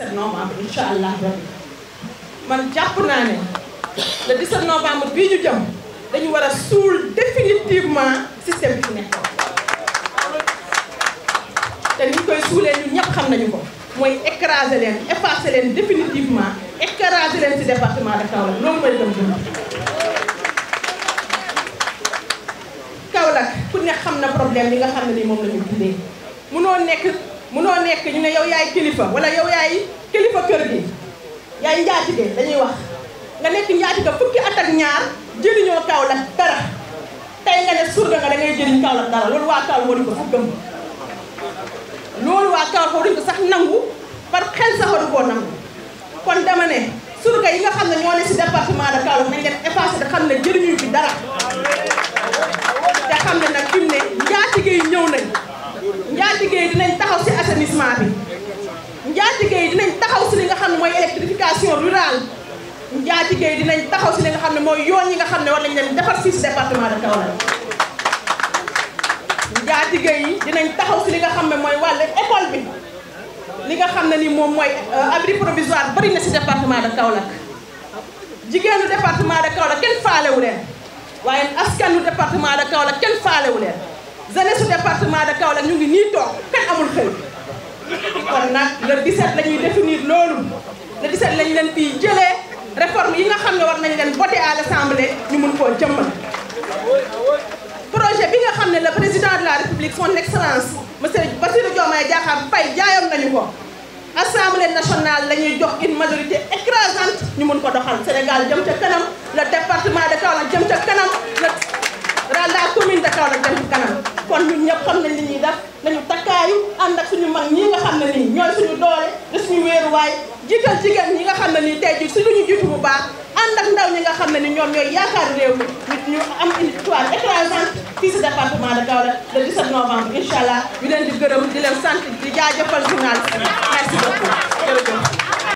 17 novembre incha allah rabbi man jàpp naa ne le 17 novembre bii ñu jëm dañu war a suul définitivement système bi fi nekkoon te ni ñu koy suulee ñun ñëpp xam nañu ko mooy écraser leen effacer leen définitivement écraser leen ci département de Kaolack loolu mooy gëm-gëm Kaolack ku ne xam na problème yi nga xam ne ni moom la ñu munoo nekk. munoo nekk ñu ne yow yaay kilifa wala yow yaay kilifa kër gi yaay njaatige dañuy wax nga nekk njaatige fukki at ak ñaar jëriñoo Kaolack dara tey nga ne surga nga da ngay jëriñ Kaolack dara loolu waa Kaolack waruñu ko sax gëm loolu waa Kaolack waruñu ko sax nangu par xel sax waru koo nangu kon dama ne surga yi nga xam ne ñoo ne si département de Kaolack nañ leen effacé te xam ne jëriñu fi assainissement bi njaatige yi dinañ taxaw si li nga xam ne mooy électrification rurale njaatige yi dinañ taxaw si li nga xam ne mooy yoon yi nga xam ne war nañ leen defar fii si département de Kaolack njaatige yi dinañ taxaw si li mooy wàllu li nga xam ne ni moom mooy euh, abri provisoire bëri si département de Kaolack jigéenu département de Kaolack kenn faalewu leen waaye askanu département de Kaolack kenn ñu ngi nii toog kenn amul xëy kon nag le 17 la ñuy loolu le 17 lañ leen fii jëlee réforme yi nga xam ne war nañ leen voté à l'assemblée ñu mun koo jëmmal projet bi nga xam ne le président de la république son excellence monsieur Bassirou Diomaye Diakhar Faye jaayoon nañu ko assemblée nationale la ñuy jox une majorité écrasante ñu mun ko doxal Sénégal jëm ca kanam le département de Kaolack jëm ca kanam le la commune de Kaolack jëm ca kanam kon ñun ñëpp xam nañ li ñuy def nañu takkaayu ànd ak suñu mag ñi nga xam ne nii ñooy suñu doole di suñu wéeruwaay jiital jigéen ñi nga xam ne nii tey jii si luñu jiitu bu baax ànd ak ndaw ñi nga xam ne ni ñoom ñooy yaakaar réew mi ñu am une victoire écrasante fii si département de Kaolack le 17 novembre incha allah ñu leen di gërëm di leen sant di jaajëfal journaliste